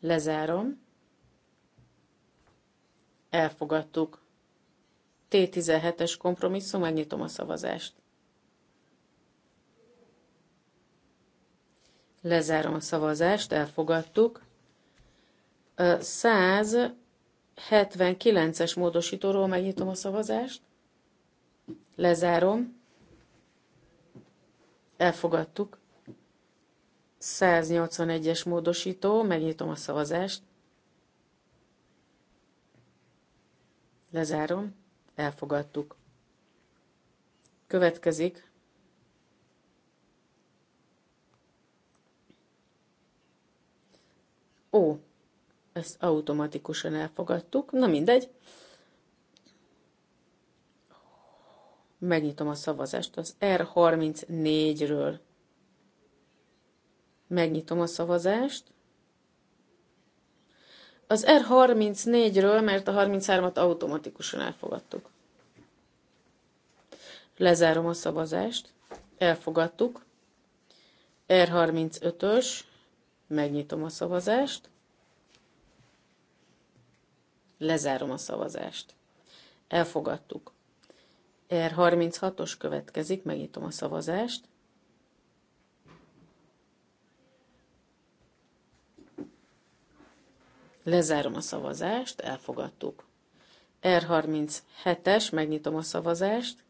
Lezárom. Elfogadtuk. T17-es kompromisszum, megnyitom a szavazást. Lezárom a szavazást, elfogadtuk. 179-es módosítóról megnyitom a szavazást. Lezárom. Elfogadtuk. 181-es módosító, megnyitom a szavazást. Lezárom, elfogadtuk. Következik Ó, ezt automatikusan elfogadtuk. Na mindegy. Megnyitom a szavazást az R34-ről. Megnyitom a szavazást. Az R34-ről, mert a 33-at automatikusan elfogadtuk. Lezárom a szavazást. Elfogadtuk. R35-ös. Megnyitom a szavazást. Lezárom a szavazást. Elfogadtuk. R36-os következik, megnyitom a szavazást. Lezárom a szavazást, elfogadtuk. R37-es, megnyitom a szavazást.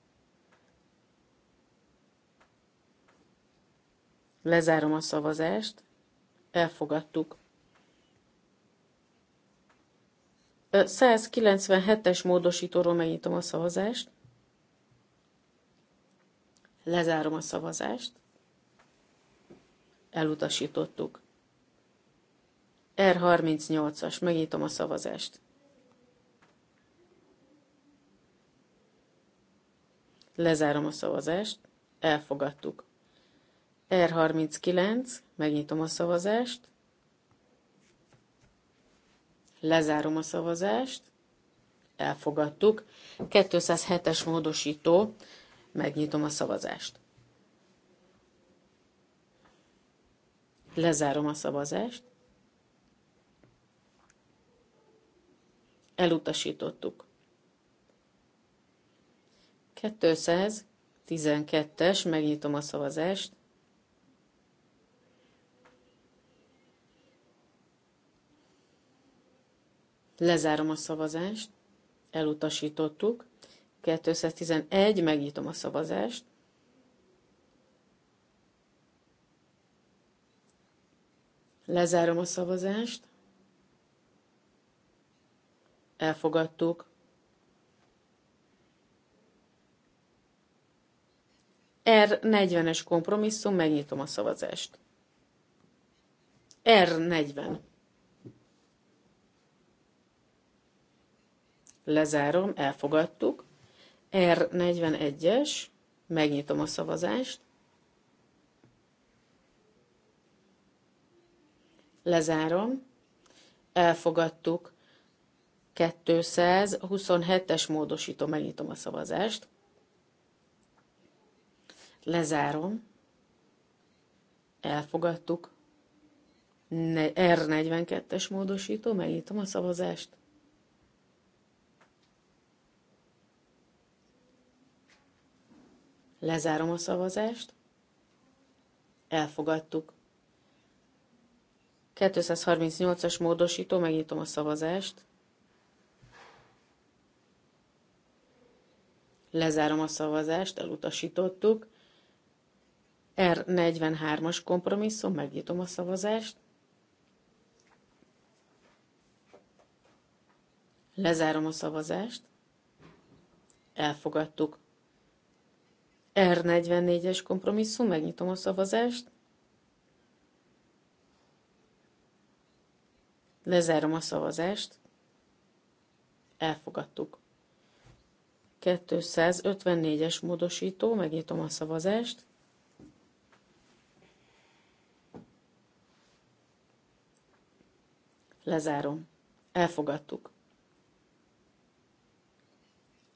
Lezárom a szavazást, elfogadtuk. 197-es módosítóról megnyitom a szavazást. Lezárom a szavazást. Elutasítottuk. R38-as, megnyitom a szavazást. Lezárom a szavazást, elfogadtuk. R39, megnyitom a szavazást. Lezárom a szavazást, elfogadtuk. 207-es módosító, megnyitom a szavazást. Lezárom a szavazást, Elutasítottuk. 212-es, megnyitom a szavazást. Lezárom a szavazást, elutasítottuk. 211, megnyitom a szavazást. Lezárom a szavazást, Elfogadtuk. R40-es kompromisszum, megnyitom a szavazást. R40. Lezárom, elfogadtuk. R41-es, megnyitom a szavazást. Lezárom, elfogadtuk. 227-es módosító, megnyitom a szavazást. Lezárom. Elfogadtuk. R42-es módosító, megnyitom a szavazást. Lezárom a szavazást. Elfogadtuk. 238-as módosító, megnyitom a szavazást. Lezárom a szavazást, elutasítottuk. R43-as kompromisszum, megnyitom a szavazást. Lezárom a szavazást. Elfogadtuk. R44-es kompromisszum, megnyitom a szavazást. Lezárom a szavazást. Elfogadtuk. 254-es módosító, megnyitom a szavazást. Lezárom. Elfogadtuk.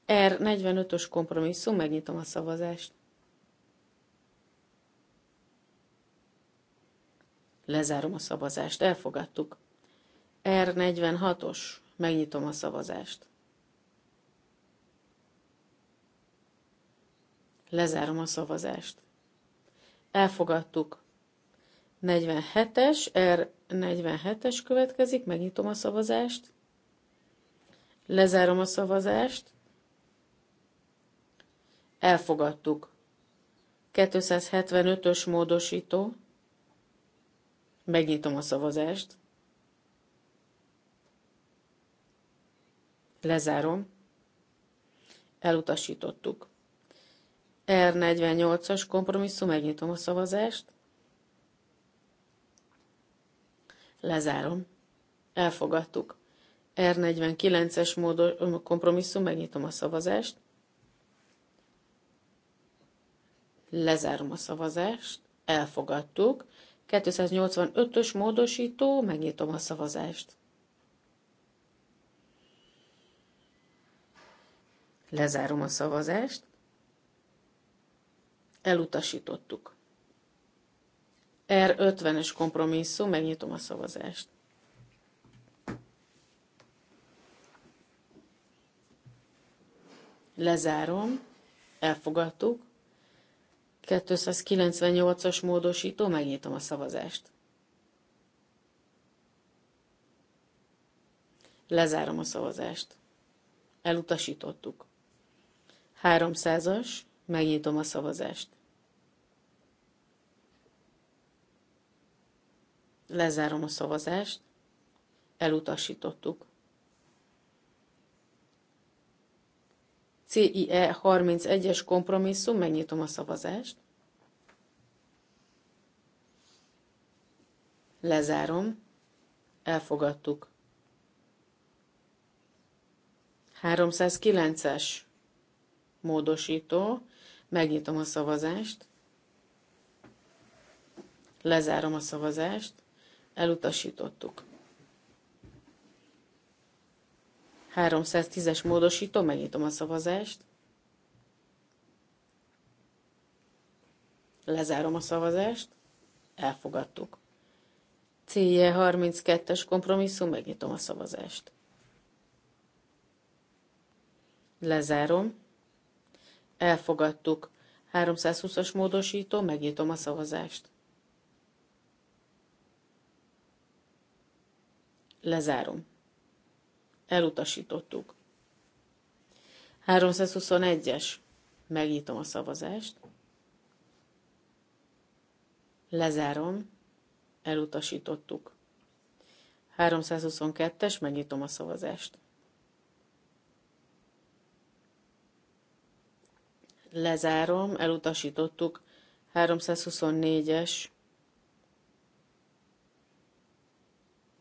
R45-ös kompromisszum, megnyitom a szavazást. Lezárom a szavazást. Elfogadtuk. R46-os, megnyitom a szavazást. Lezárom a szavazást. Elfogadtuk. 47-es, R47-es következik, megnyitom a szavazást. Lezárom a szavazást. Elfogadtuk. 275-ös módosító. Megnyitom a szavazást. Lezárom. Elutasítottuk. R48-as kompromisszum, megnyitom a szavazást. Lezárom. Elfogadtuk. R49-es módos, kompromisszum, megnyitom a szavazást. Lezárom a szavazást. Elfogadtuk. 285-ös módosító, megnyitom a szavazást. Lezárom a szavazást. Elutasítottuk. R50-ös kompromisszum, megnyitom a szavazást. Lezárom, elfogadtuk. 298-as módosító, megnyitom a szavazást. Lezárom a szavazást. Elutasítottuk. 300-as, megnyitom a szavazást. Lezárom a szavazást. Elutasítottuk. CIE 31-es kompromisszum, megnyitom a szavazást. Lezárom. Elfogadtuk. 309-es módosító. Megnyitom a szavazást. Lezárom a szavazást. Elutasítottuk. 310-es módosító, megnyitom a szavazást. Lezárom a szavazást. Elfogadtuk. Célje 32-es kompromisszum, megnyitom a szavazást. Lezárom. Elfogadtuk. 320-as módosító, megnyitom a szavazást. Lezárom. Elutasítottuk. 321-es. Megnyitom a szavazást. Lezárom. Elutasítottuk. 322-es. Megnyitom a szavazást. Lezárom. Elutasítottuk. 324-es.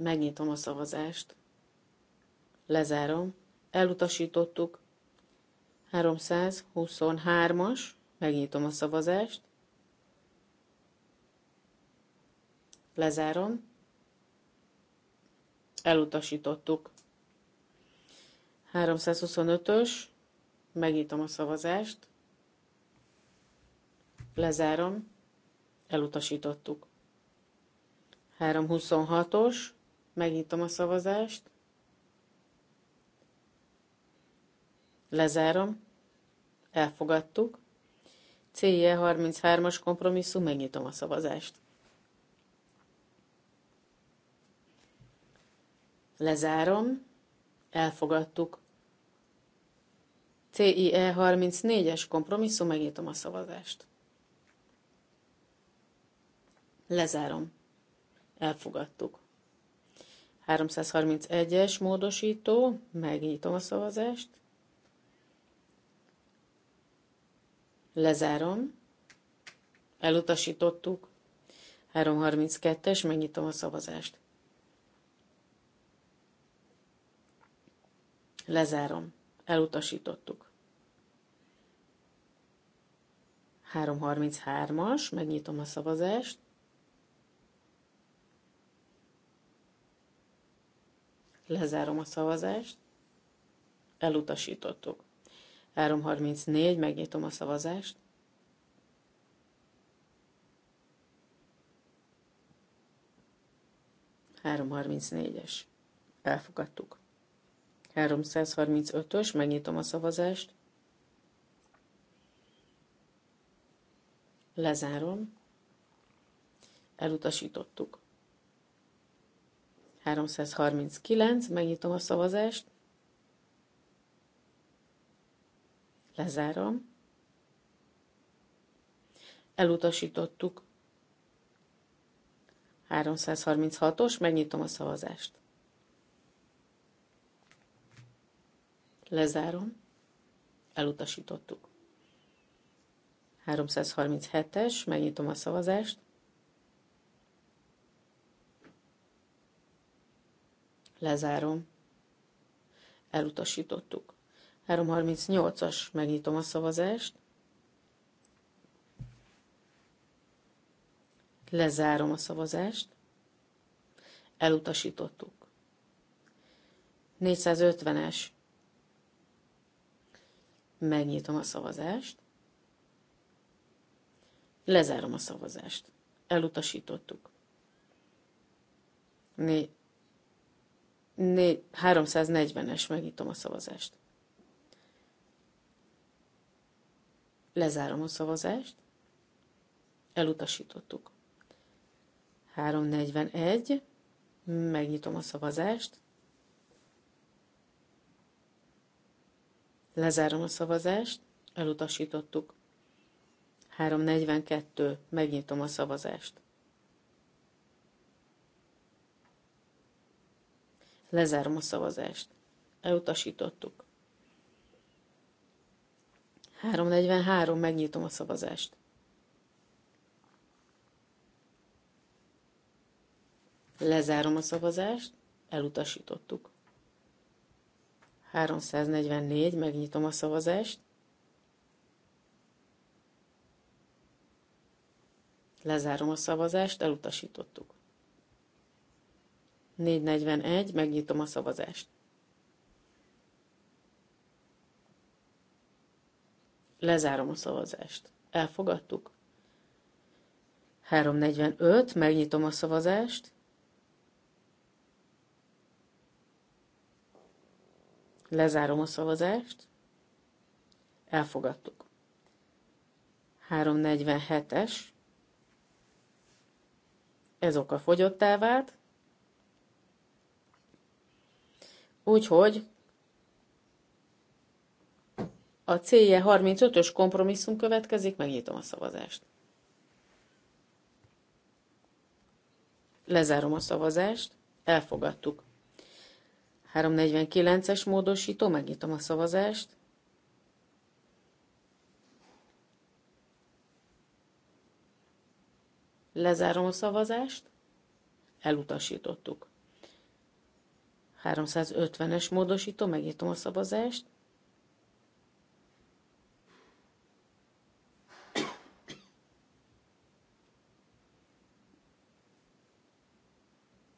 megnyitom a szavazást, lezárom, elutasítottuk, 323-as, megnyitom a szavazást, lezárom, elutasítottuk. 325-ös, megnyitom a szavazást, lezárom, elutasítottuk. 326-os, Megnyitom a szavazást. Lezárom. Elfogadtuk. célje 33-as kompromisszum, megnyitom a szavazást. Lezárom. Elfogadtuk. CIE 34-es kompromisszum, megnyitom a szavazást. Lezárom. Elfogadtuk. 331-es módosító, megnyitom a szavazást, lezárom, elutasítottuk, 332-es, megnyitom a szavazást. Lezárom. Elutasítottuk. 333-as, megnyitom a szavazást. Lezárom a szavazást. Elutasítottuk. 334, megnyitom a szavazást. es Elfogadtuk. 335-ös, megnyitom a szavazást. Lezárom. Elutasítottuk. 339, megnyitom a szavazást, lezárom, elutasítottuk 336-os, megnyitom a szavazást. Lezárom. Elutasítottuk. 337-es, megnyitom a szavazást. Lezárom. Elutasítottuk. 338-as, megnyitom a szavazást. Lezárom a szavazást. Elutasítottuk. 450-es. Megnyitom a szavazást. Lezárom a szavazást. Elutasítottuk. 340-es, megnyitom a szavazást. Lezárom a szavazást. Elutasítottuk. 341. Megnyitom a szavazást. Lezárom a szavazást. Elutasítottuk. 342. Megnyitom a szavazást. Lezárom a szavazást. Elutasítottuk. 343, megnyitom a szavazást. Lezárom a szavazást, elutasítottuk. 344, megnyitom a szavazást. Lezárom a szavazást, elutasítottuk. 441, megnyitom a szavazást. Lezárom a szavazást. Elfogadtuk. 345, megnyitom a szavazást. Lezárom a szavazást. Elfogadtuk. 347-es. Ez oka fogyottá vált. Úgyhogy a célje 35-ös kompromisszum következik, megnyitom a szavazást. Lezárom a szavazást, elfogadtuk. 349-es módosító, megnyitom a szavazást. Lezárom a szavazást, elutasítottuk. 350-es módosító, megnyitom a szavazást.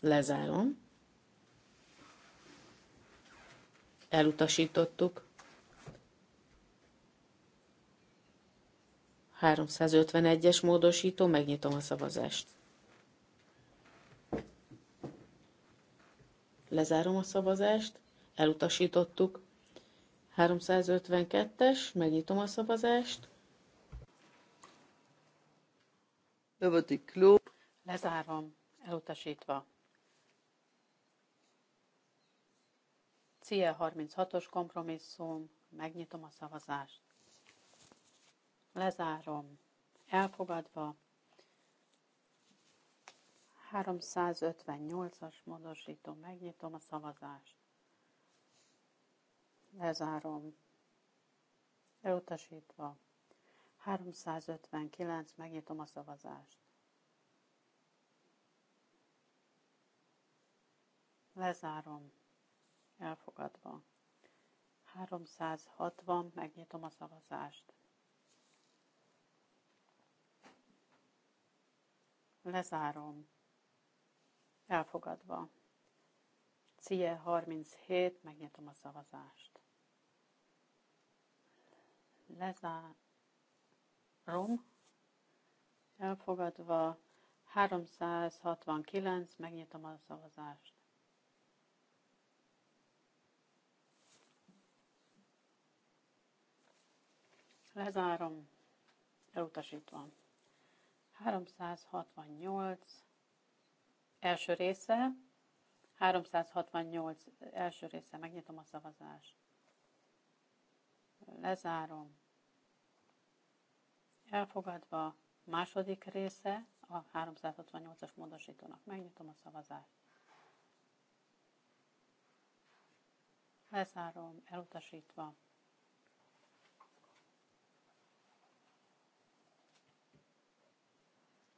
Lezárom. Elutasítottuk. 351-es módosító, megnyitom a szavazást. Lezárom a szavazást. Elutasítottuk. 352-es, megnyitom a szavazást. Klub. Lezárom, elutasítva. CIE 36-os kompromisszum, megnyitom a szavazást. Lezárom, elfogadva. 358-as módosító, megnyitom a szavazást. Lezárom. Elutasítva. 359, megnyitom a szavazást. Lezárom. Elfogadva. 360, megnyitom a szavazást. Lezárom. Elfogadva. CIE 37, megnyitom a szavazást. Lezárom. Elfogadva. 369, megnyitom a szavazást. Lezárom, elutasítva. 368, Első része, 368 első része, megnyitom a szavazást. Lezárom. Elfogadva második része a 368-as módosítónak. Megnyitom a szavazást. Lezárom, elutasítva.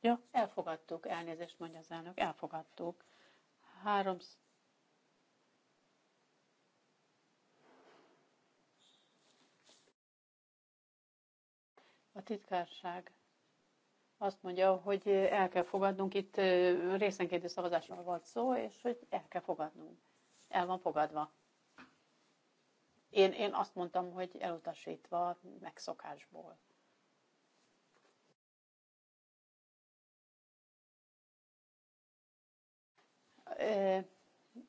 Ja, elfogadtuk, elnézést mondja az elnök, elfogadtuk. Három... A titkárság azt mondja, hogy el kell fogadnunk, itt részenkénti szavazásról volt szó, és hogy el kell fogadnunk. El van fogadva. Én, én azt mondtam, hogy elutasítva megszokásból.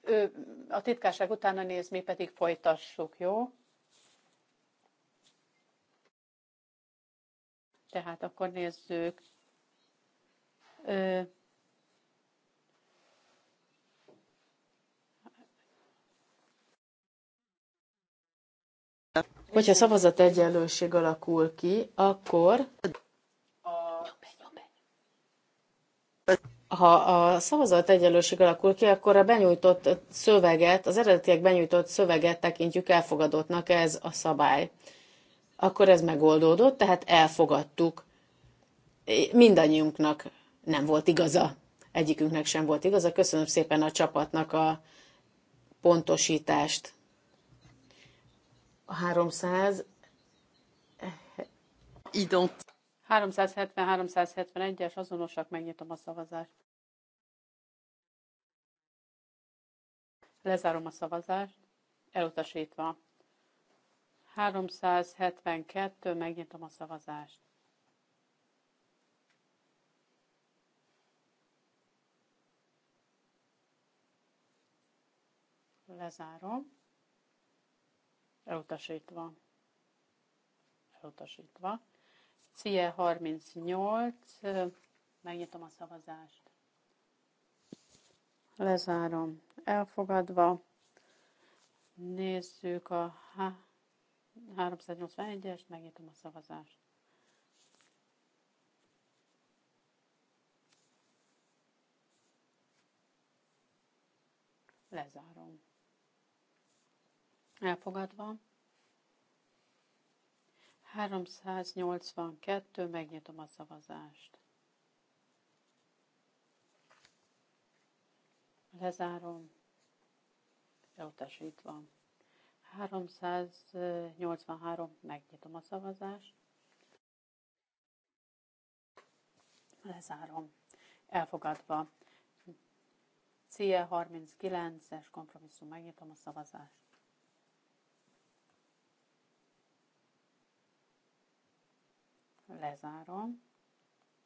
ő a titkárság utána néz, mi pedig folytassuk, jó? Tehát akkor nézzük. Ö, Hogyha szavazat egyenlőség alakul ki, akkor... A... Nyom be, nyom be ha a szavazat egyenlőség alakul ki, akkor a benyújtott szöveget, az eredetiek benyújtott szöveget tekintjük elfogadottnak ez a szabály. Akkor ez megoldódott, tehát elfogadtuk. Mindannyiunknak nem volt igaza. Egyikünknek sem volt igaza. Köszönöm szépen a csapatnak a pontosítást. A 300 Ident. 370-371-es azonosak, megnyitom a szavazást. Lezárom a szavazást, elutasítva. 372, megnyitom a szavazást. Lezárom. Elutasítva. Elutasítva. CIE 38, megnyitom a szavazást. Lezárom. Elfogadva. Nézzük a 381-est, megnyitom a szavazást. Lezárom. Elfogadva. 382, megnyitom a szavazást. Lezárom, elutasítva. 383, megnyitom a szavazást. Lezárom, elfogadva. CE 39-es kompromisszum, megnyitom a szavazást. lezárom,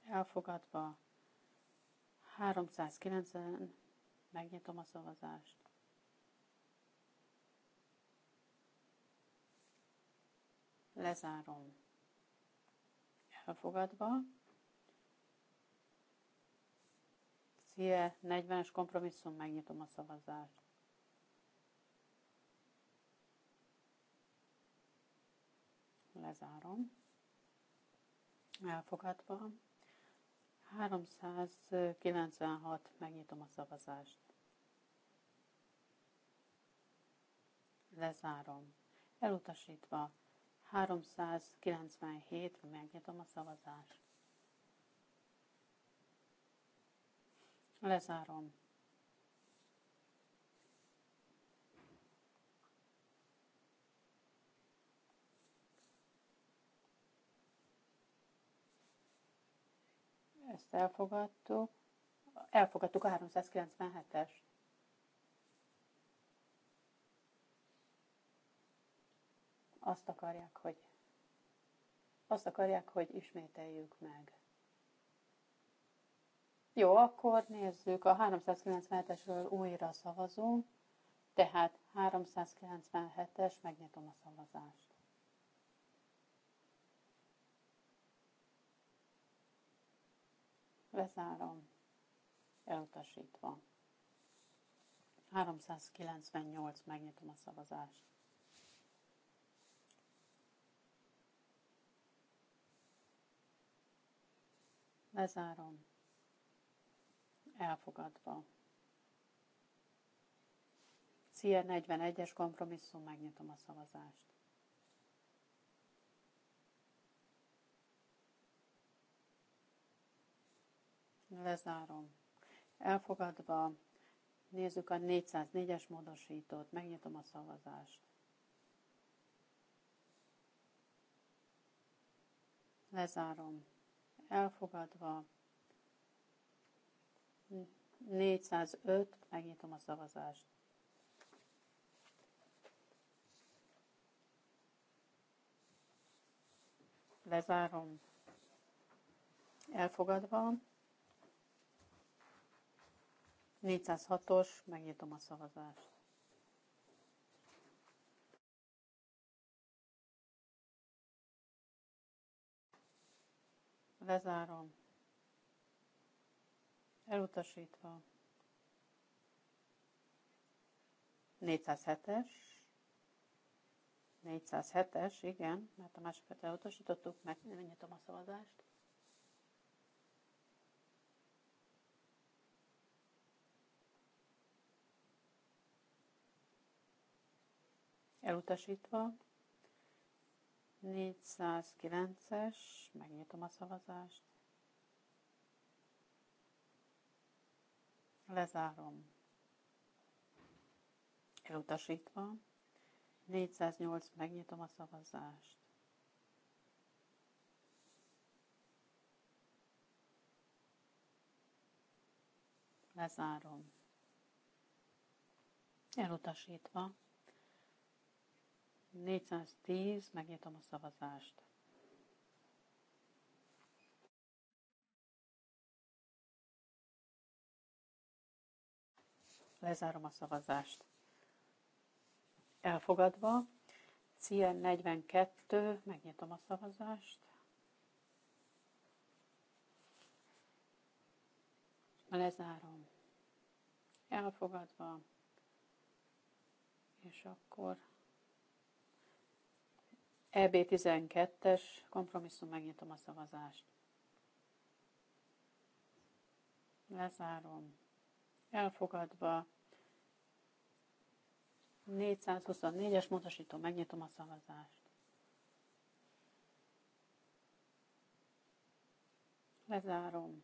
elfogadva 390, megnyitom a szavazást. Lezárom. Elfogadva. CIE 40-es kompromisszum, megnyitom a szavazást. Lezárom Elfogadva. 396. Megnyitom a szavazást. Lezárom. Elutasítva. 397. Megnyitom a szavazást. Lezárom. Ezt elfogadtuk. Elfogadtuk a 397 es Azt akarják, hogy azt akarják, hogy ismételjük meg. Jó, akkor nézzük, a 397-esről újra szavazunk, tehát 397-es, megnyitom a szavazást. Lezárom. Elutasítva. 398. Megnyitom a szavazást. Lezárom. Elfogadva. szia 41-es kompromisszum, megnyitom a szavazást. Lezárom. Elfogadva. Nézzük a 404-es módosítót. Megnyitom a szavazást. Lezárom. Elfogadva. 405. Megnyitom a szavazást. Lezárom. Elfogadva. 406-os, megnyitom a szavazást. Lezárom. Elutasítva. 407-es. 407-es, igen, mert a másikat elutasítottuk, megnyitom a szavazást. elutasítva. 409-es, megnyitom a szavazást. Lezárom. Elutasítva. 408, megnyitom a szavazást. Lezárom. Elutasítva. 410, megnyitom a szavazást. Lezárom a szavazást. Elfogadva. CN 42, megnyitom a szavazást. Lezárom. Elfogadva. És akkor EB12-es kompromisszum, megnyitom a szavazást. Lezárom. Elfogadva. 424-es módosító, megnyitom a szavazást. Lezárom.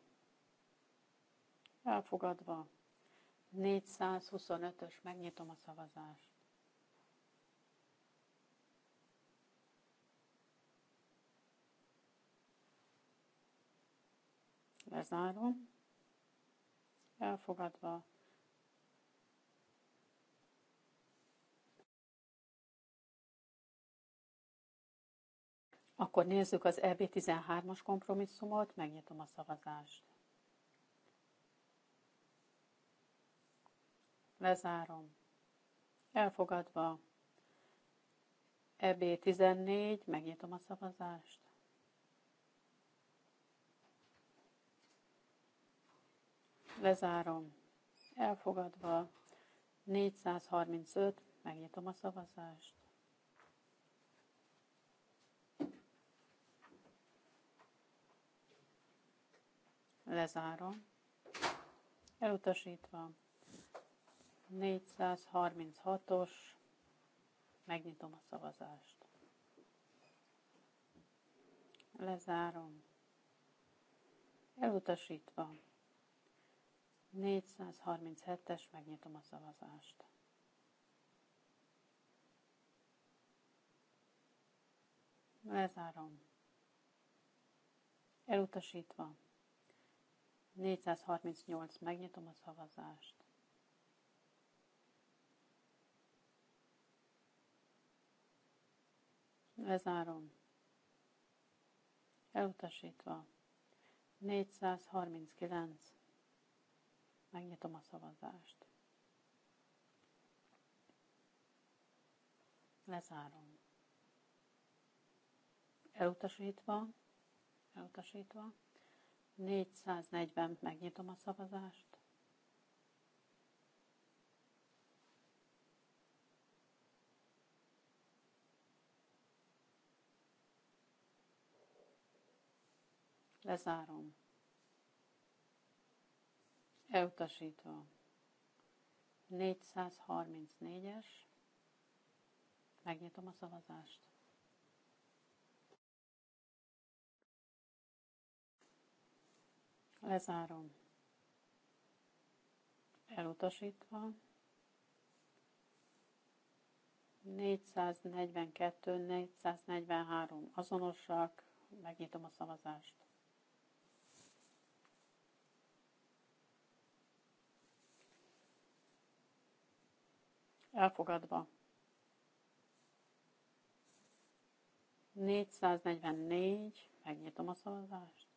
Elfogadva. 425-ös, megnyitom a szavazást. lezárom, elfogadva, Akkor nézzük az EB13-as kompromisszumot, megnyitom a szavazást. Lezárom. Elfogadva. EB14, megnyitom a szavazást. Lezárom. Elfogadva. 435. Megnyitom a szavazást. Lezárom. Elutasítva. 436-os. Megnyitom a szavazást. Lezárom. Elutasítva. 437-es, megnyitom a szavazást. Lezárom. Elutasítva. 438, megnyitom a szavazást. Lezárom. Elutasítva. 439. Megnyitom a szavazást. Lezárom. Elutasítva, elutasítva. 440, megnyitom a szavazást. Lezárom. Elutasítva. 434-es. Megnyitom a szavazást. Lezárom. Elutasítva. 442-443 azonosak. Megnyitom a szavazást. Elfogadva. 444, megnyitom a szavazást.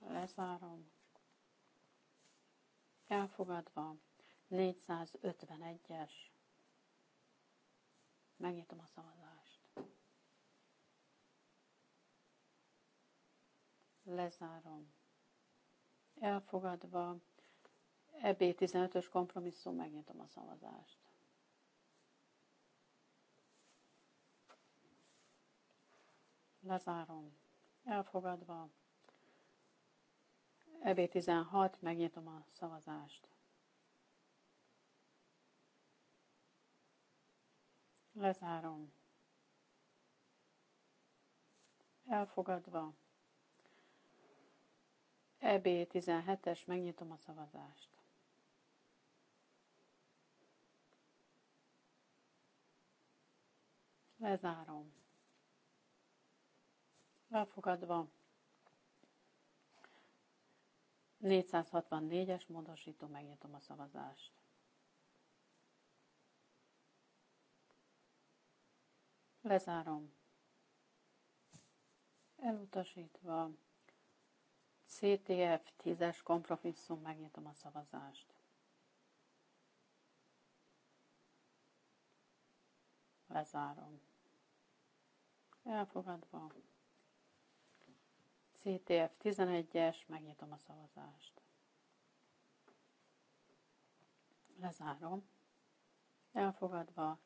Lezárom. Elfogadva. 451-es. Megnyitom a szavazást. Lezárom elfogadva. EB15-ös kompromisszum, megnyitom a szavazást. Lezárom. Elfogadva. EB16, megnyitom a szavazást. Lezárom. Elfogadva. EB17-es, megnyitom a szavazást. Lezárom. Elfogadva. 464-es módosító, megnyitom a szavazást. Lezárom. Elutasítva. CTF 10-es kompromisszum, megnyitom a szavazást. Lezárom. Elfogadva. CTF 11-es, megnyitom a szavazást. Lezárom. Elfogadva.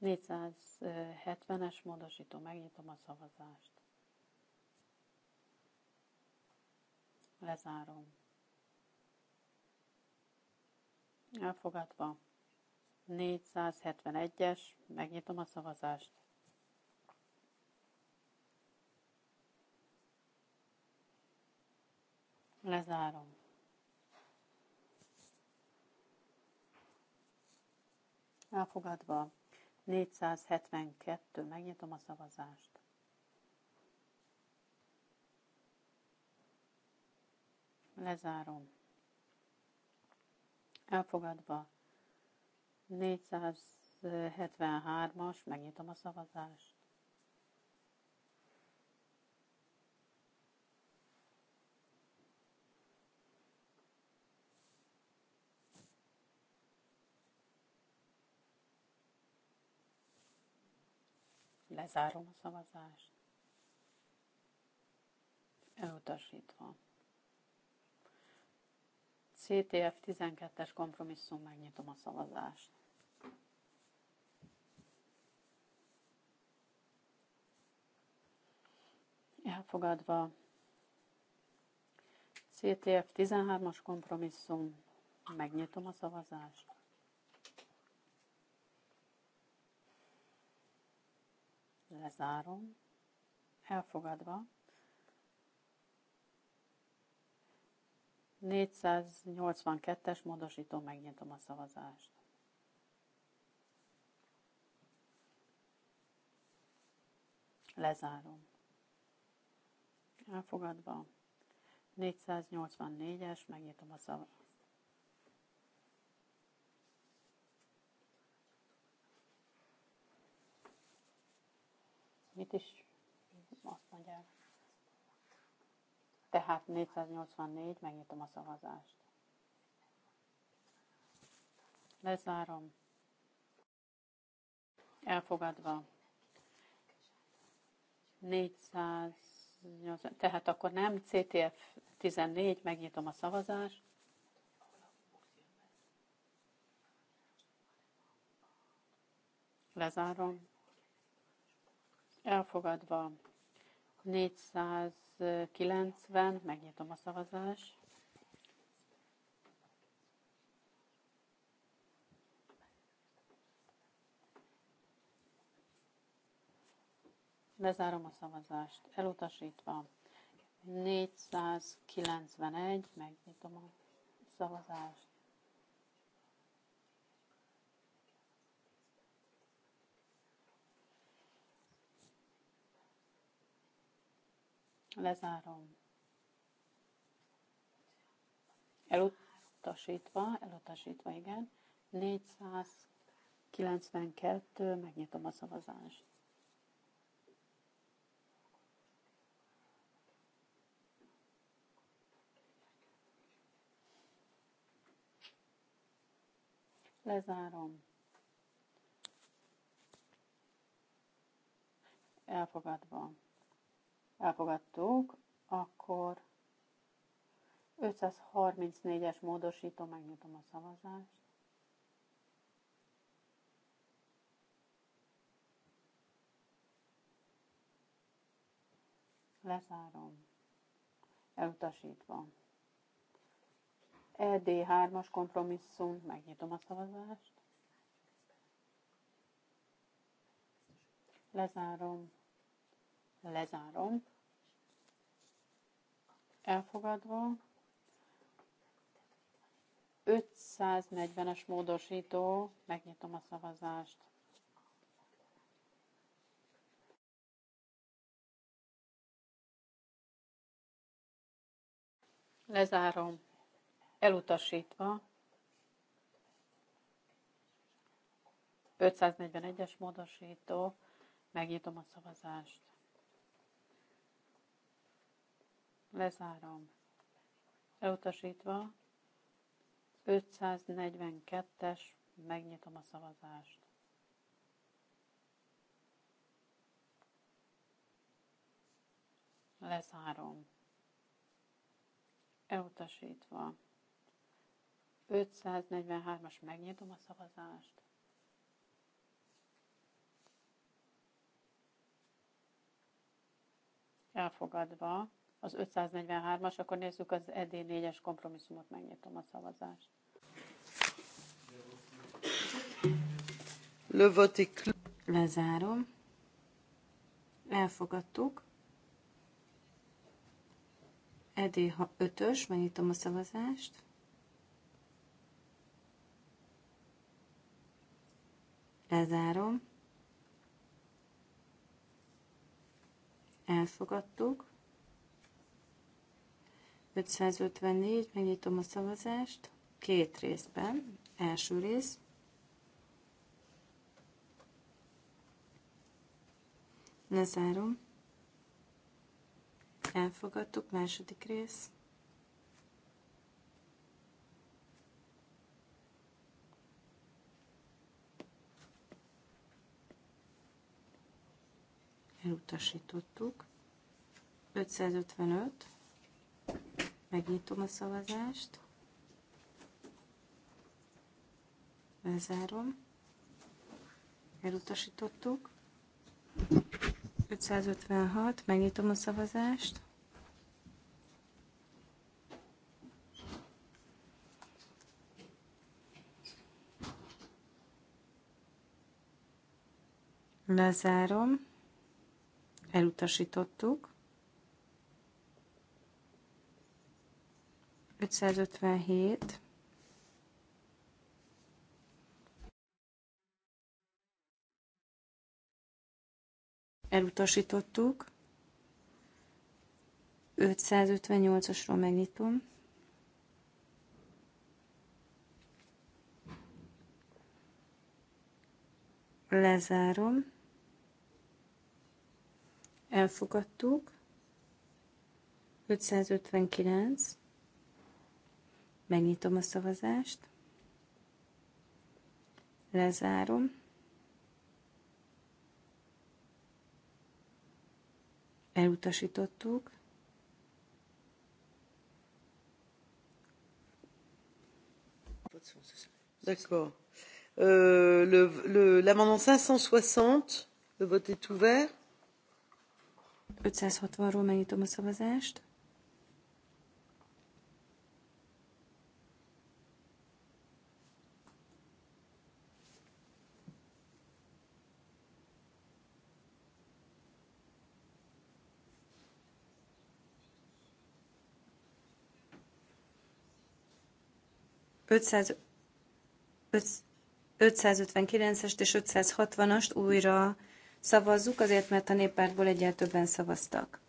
470-es módosító, megnyitom a szavazást. Lezárom. Elfogadva. 471-es, megnyitom a szavazást. Lezárom. Elfogadva. 472, megnyitom a szavazást. Lezárom. Elfogadva. 473-as, megnyitom a szavazást. Lezárom a szavazást. Elutasítva. CTF 12-es kompromisszum, megnyitom a szavazást. Elfogadva CTF 13-as kompromisszum, megnyitom a szavazást. Lezárom. Elfogadva. 482-es módosító, megnyitom a szavazást. Lezárom. Elfogadva. 484-es, megnyitom a szavazást. Mit is Tehát 484, megnyitom a szavazást. Lezárom. Elfogadva. 480, tehát akkor nem CTF 14, megnyitom a szavazást. Lezárom. Elfogadva. 490, megnyitom a szavazást. Lezárom a szavazást, elutasítva. 491, megnyitom a szavazást. Lezárom. Elutasítva, elutasítva, igen. 492, megnyitom a szavazást. Lezárom. Elfogadva elfogadtuk, akkor 534-es módosító, megnyitom a szavazást. Lezárom. Elutasítva. ED3-as kompromisszum, megnyitom a szavazást. Lezárom. Lezárom elfogadva. 540-es módosító, megnyitom a szavazást. Lezárom. Elutasítva. 541-es módosító, megnyitom a szavazást. lezárom. Elutasítva 542-es, megnyitom a szavazást. Lezárom. Elutasítva 543-as, megnyitom a szavazást. Elfogadva az 543-as, akkor nézzük az ED4-es kompromisszumot, megnyitom a szavazást. Le Lezárom. Elfogadtuk. ED 5-ös, megnyitom a szavazást. Lezárom. Elfogadtuk. 554, megnyitom a szavazást, két részben, első rész. Lezárom. Elfogadtuk, második rész. Elutasítottuk. 555. Megnyitom a szavazást. Lezárom. Elutasítottuk. 556. Megnyitom a szavazást. Lezárom. Elutasítottuk. 557. Elutasítottuk. 558-asról megnyitom. Lezárom. Elfogadtuk. 559. Megnyitom a szavazást. Lezárom. Elutasítottuk. D'accord. Euh, L'amendement 560, le vote est ouvert. 560-ról megnyitom a szavazást. 559-est és 560-ast újra szavazzuk, azért mert a néppártból egyel többen szavaztak.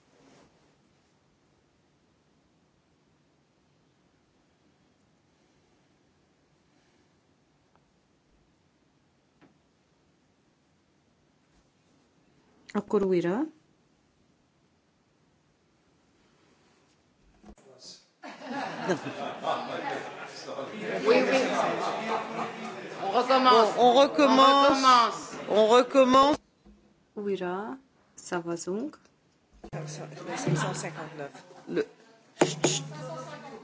Akkor újra. No. Oui, oui. On recommence. Bon, on recommence. On recommence. On recommence. Újra szavazunk. 559. Le...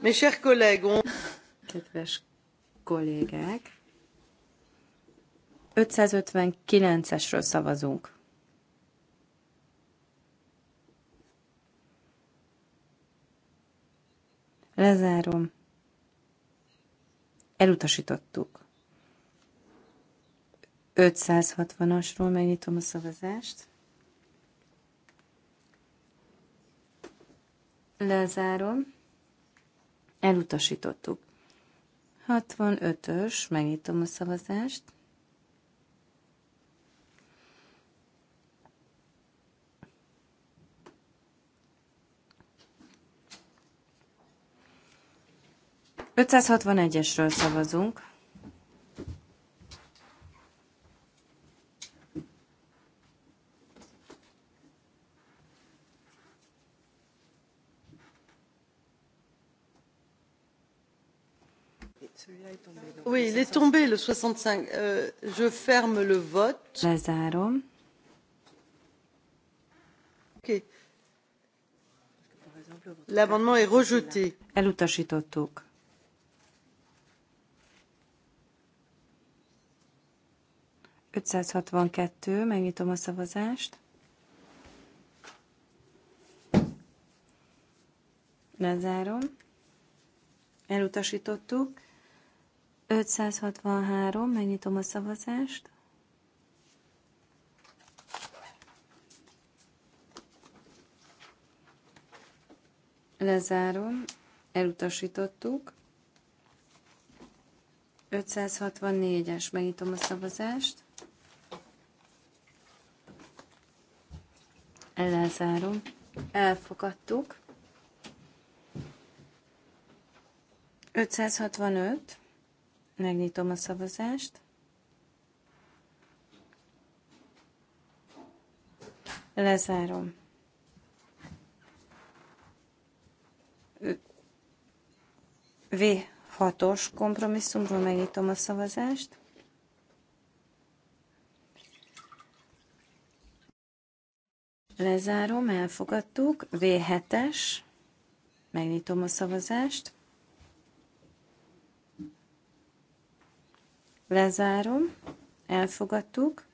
Mes chers collègues, on... Kedves kollégák, 559-esről szavazunk. Lezárom. Elutasítottuk. 560-asról megnyitom a szavazást. Lezárom. Elutasítottuk. 65-ös, megnyitom a szavazást. 561-esről szavazunk. Oui, il est tombé le 65. Euh, je ferme le vote. Lezárom. Ok. L'amendement est rejeté. Elutasítottuk. 562, megnyitom a szavazást. Lezárom. Elutasítottuk. 563, megnyitom a szavazást. Lezárom, elutasítottuk. 564-es, megnyitom a szavazást. Lezárom. Elfogadtuk. 565. Megnyitom a szavazást. Lezárom. V6-os kompromisszumról megnyitom a szavazást. Lezárom, elfogadtuk. V7-es. Megnyitom a szavazást. Lezárom, elfogadtuk.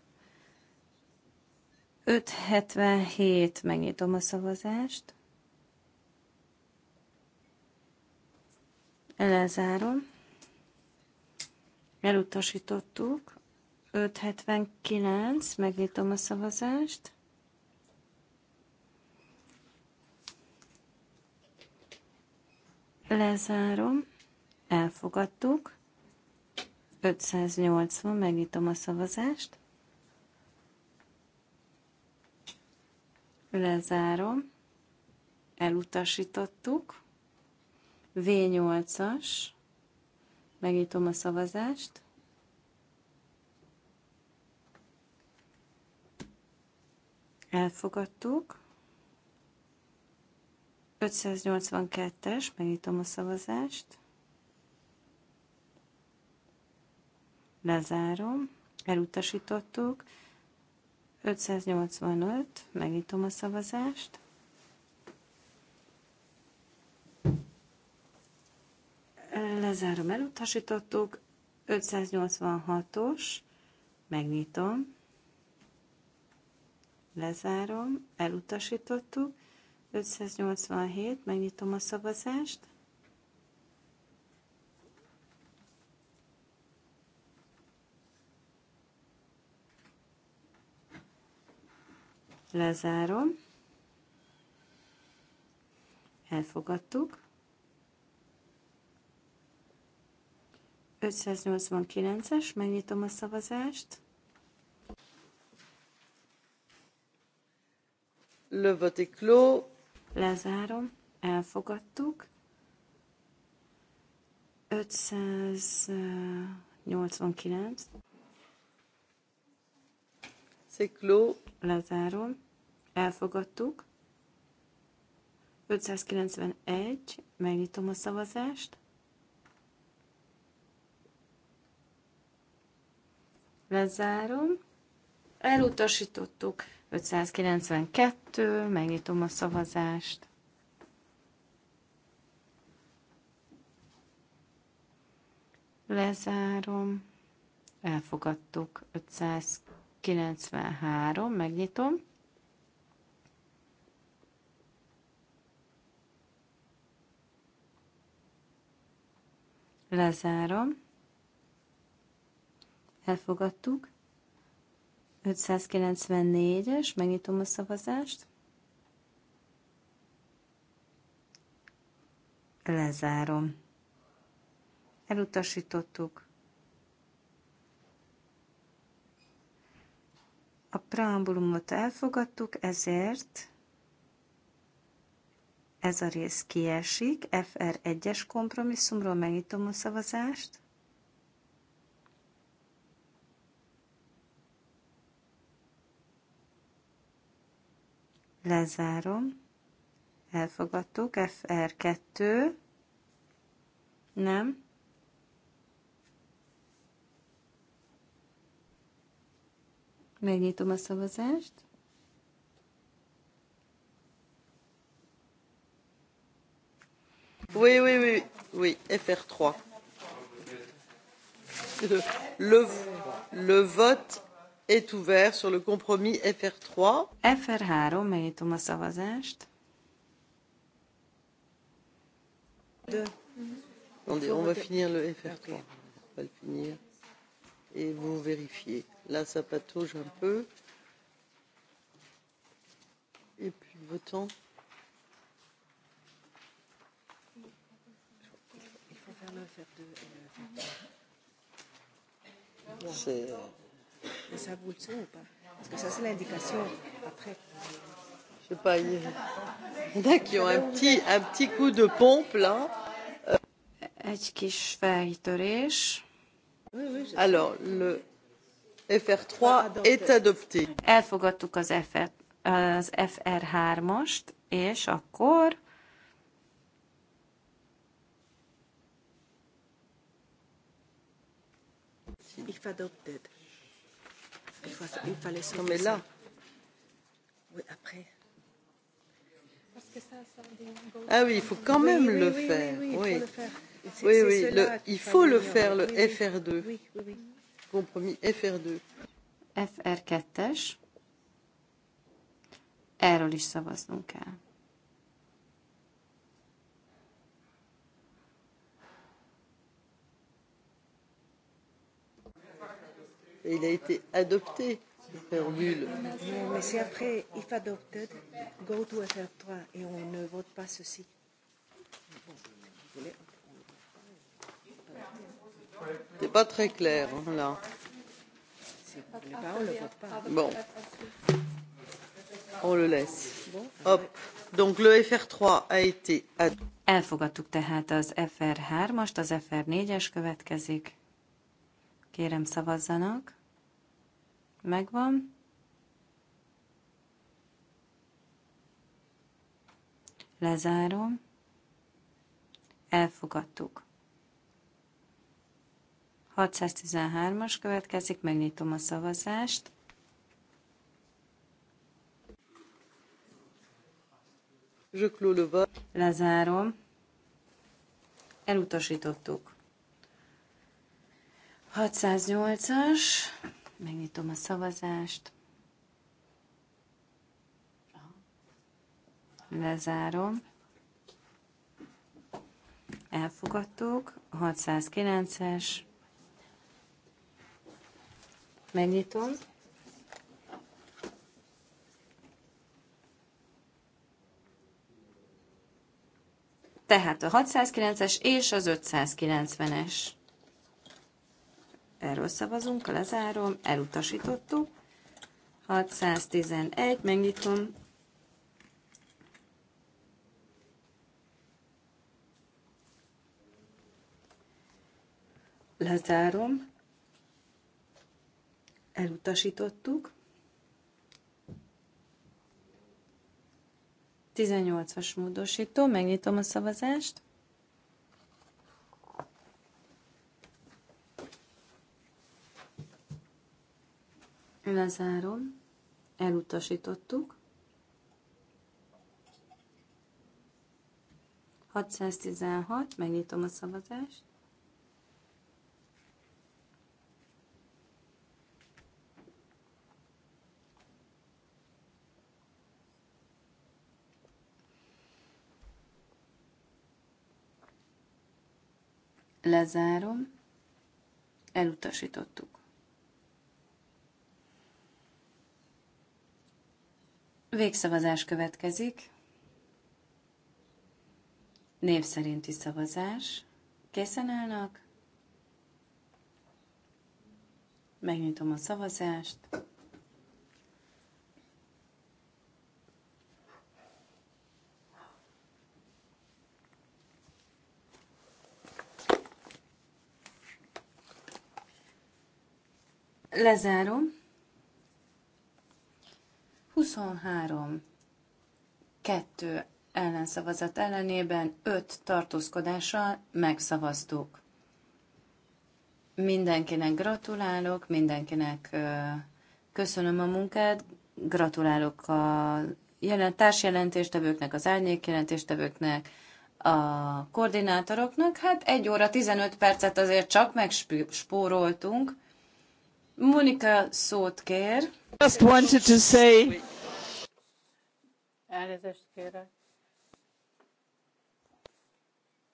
577, megnyitom a szavazást. Lezárom. Elutasítottuk. 579, megnyitom a szavazást. Lezárom. Elfogadtuk. 580, megnyitom a szavazást. Lezárom. Elutasítottuk. V8-as. Megnyitom a szavazást. Elfogadtuk. 582-es, megnyitom a szavazást. Lezárom, elutasítottuk. 585, megnyitom a szavazást. Lezárom, elutasítottuk. 586-os, megnyitom, lezárom, elutasítottuk. 587, megnyitom a szavazást. Lezárom. Elfogadtuk. 589-es, megnyitom a szavazást. Le vote est clos Lezárom, elfogadtuk. 589. Szikló. Lezárom. Elfogadtuk. 591. Megnyitom a szavazást. Lezárom. Elutasítottuk. 592, megnyitom a szavazást. Lezárom, elfogadtuk 593, megnyitom. Lezárom, elfogadtuk 594-es, megnyitom a szavazást. Lezárom. Elutasítottuk. A preambulumot elfogadtuk, ezért ez a rész kiesik. FR1-es kompromisszumról megnyitom a szavazást. Lezárom. Elfogadtuk. FR2. Nem. Megnyitom a szavazást. Oui, oui, oui, oui, FR3. Le, le vote est ouvert sur le compromis FR3. FR3, megnyitom a szavazást. Attendez, on va finir le FR3. On va le finir. Et vous vérifiez. Là, ça patauge un peu. Et puis, votons. Il faut faire le FR2 et le FR3. C'est... Mais ça vous le tient ou pas Parce que ça, c'est l'indication après. Je sais pas, il y en a qui ont un petit, un petit coup de pompe là. Euh, Egy Alors, le FR3 est adopté. Elfogadtuk az, FR, az FR3-ast, és akkor If adopted. Il, faut, il fallait se mettre là. Oui, après. Parce que ça, ça ah oui, il faut quand même oui, le, oui, faire. Oui, oui, oui, le faire. Oui, oui, le, il faut le faire, le oui, FR2. Oui, oui, oui. Kompromis FR2. FR2-es. Erről is szavaznunk kell. il a été adopté, Permule. mais si après, if adopted, go to FR3 et on ne vote pas ceci. C'est pas très clair, hein, là. Bon. On le laisse. Hop. Donc le FR3 a été adopté. Elfogadtuk tehát az FR3-ast, az FR4-es következik. Kérem szavazzanak megvan. Lezárom. Elfogadtuk. 613-as következik, megnyitom a szavazást. Lezárom. Elutasítottuk. 608-as. Megnyitom a szavazást. Lezárom. Elfogadtuk. 609-es. Megnyitom. Tehát a 609-es és az 590-es erről szavazunk, lezárom, elutasítottuk. 611, megnyitom. Lezárom, elutasítottuk. 18-as módosító, megnyitom a szavazást. Lezárom. Elutasítottuk. 616, megnyitom a szavazást. Lezárom. Elutasítottuk. Végszavazás következik. Név szerinti szavazás. Készen állnak? Megnyitom a szavazást. Lezárom. 23 2 ellenszavazat ellenében 5 tartózkodással megszavaztuk. Mindenkinek gratulálok, mindenkinek köszönöm a munkát, gratulálok a társjelentéstevőknek, az árnyékjelentéstevőknek, a koordinátoroknak. Hát 1 óra 15 percet azért csak megspóroltunk. Monika szót kér. Just wanted to say... Elnézést kérek.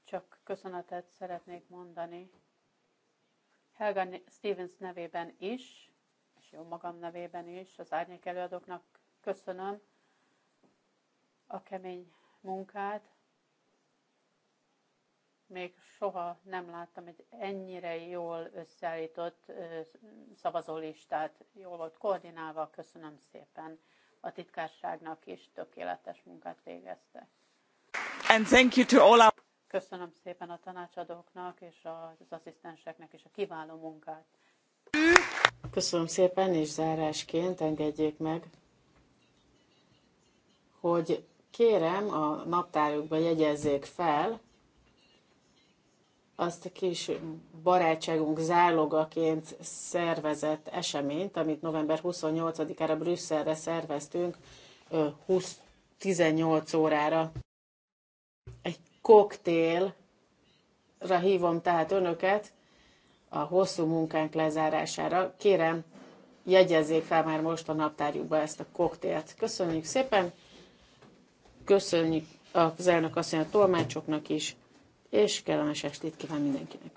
Csak köszönetet szeretnék mondani Helga Stevens nevében is, és jó magam nevében is, az árnyék előadóknak köszönöm a kemény munkát, még soha nem láttam egy ennyire jól összeállított szavazólistát, jól volt koordinálva, köszönöm szépen a titkárságnak is, tökéletes munkát végezte. And thank you to all our... Köszönöm szépen a tanácsadóknak és az asszisztenseknek is a kiváló munkát. Köszönöm szépen, és zárásként engedjék meg, hogy kérem a naptárukba jegyezzék fel, azt a kis barátságunk zálogaként szervezett eseményt, amit november 28-ára Brüsszelre szerveztünk, 20, 18 órára. Egy koktélra hívom tehát önöket a hosszú munkánk lezárására. Kérem, jegyezzék fel már most a naptárjukba ezt a koktélt. Köszönjük szépen, köszönjük az elnök asszony a tolmácsoknak is, és kellemes estét kíván mindenkinek!